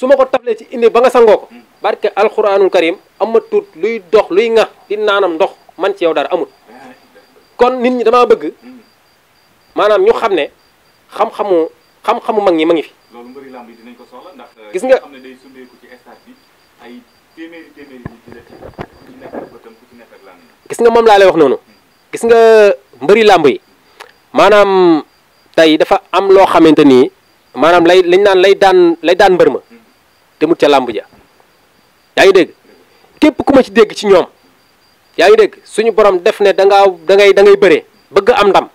su ma ko tablee ci indi ba nga sangoo ko barke alxuraanul karim amatut luy dox luy ŋax di naanam ndox man ci yow dara amut kon nit ñi dama bëgg maanaam ñu xam ne xam-xamu mag ñi ma ngi fi. ko soxla gis euh, nga xam nga moom laa lay wax noonu. gis nga mbëri làmb yi maanaam tey dafa am loo xamante ni maanaam lay lañ naan lay daan lay daan mbër ma demut ca làmb ja yaa ngi dégg képp ku ma ci dégg ci ñoom yaa ngi dégg suñu borom def ne da ngaa da ngay da ngay bëree bëgg am ndam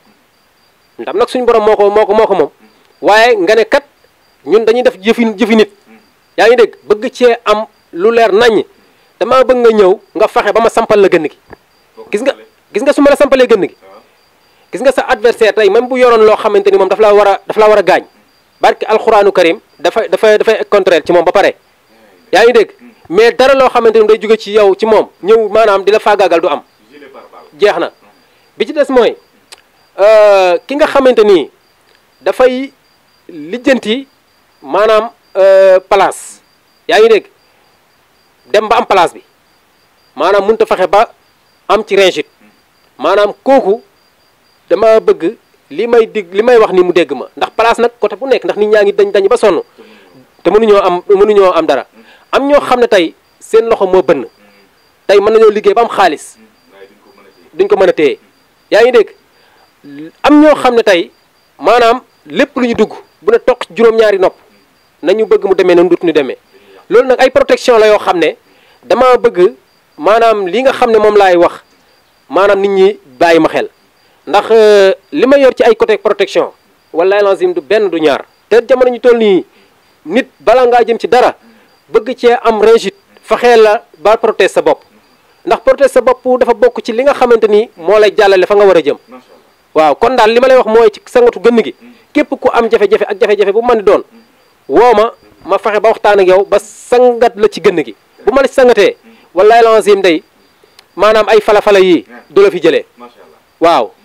ndam nag suñu borom moo ko moo ko moom waaye nga ne kat ñun dañuy def jëfi jëfi nit yaa ngi dégg bëgg cee am lu leer naññ damaa bëgg nga ñëw nga faxe ba ma sampal la gënn gi gis nga gis nga su ma la sampalee gënn gi ah. gis nga sa adversaire tey même bu yoroon loo xamante ni moom daf la war a daf laa war a gaañ barke alxuraanu karim dafay dafay dafay contraire ci moom ba pare yaa ngi dégg mais dara loo xamante ni day jóge ci yow ci moom ñëw maanaam di la faagaagal du am jeex na bi ci des mooy euh, ki nga xamante ni dafay lijjanti maanaam euh, place yaa ngi dégg dem ba am place bi maanaam mënut a fexe ba am ci ringite maanaam kooku dama bëgg li may dig li may wax ni mu dégg ma ndax place nag côté bu nekk ndax nit ñaa ngi dañ dañ ba sonn te mënuñoo am mënuñoo am dara am ñoo xam ne tey seen loxo moo bënn tey mën nañoo liggéey ba am xaalis duñ ko mën a téye yaa ngi dégg am ñoo xam ne tey maanaam lépp lu ñu dugg bu ne toq juróom-ñaari nopp nañu bëgg mu demee noonu dut ñu demee loolu nag ay protection la yoo xam ne dama bëgg maanaam li nga xam ne moom laay wax maanaam nit ñi bàyyi ma xel ndax euh, li ma yor ci ay côté protection wala lazim du benn du ñaar te jamono ñu toll nii nit balaa ngaa jëm ci dara bëgg cee am réussite faxee la ba protéger sa bopp ndax protéger sa bopp dafa bokk ci li nga xamante ni moo lay jàllale fa nga war a jëm waaw kon daal li ma lay wax mooy ci sangatu gënn gi mm. képp ku am jafe-jafe ak jafe-jafe bu mën di doon woo ma ma fexe ba waxtaan ak yow ba sangat la ci gënn gi bu ma la sangatee mm. wala lazim day maanaam ay falafala yii du la fi jëlee waaw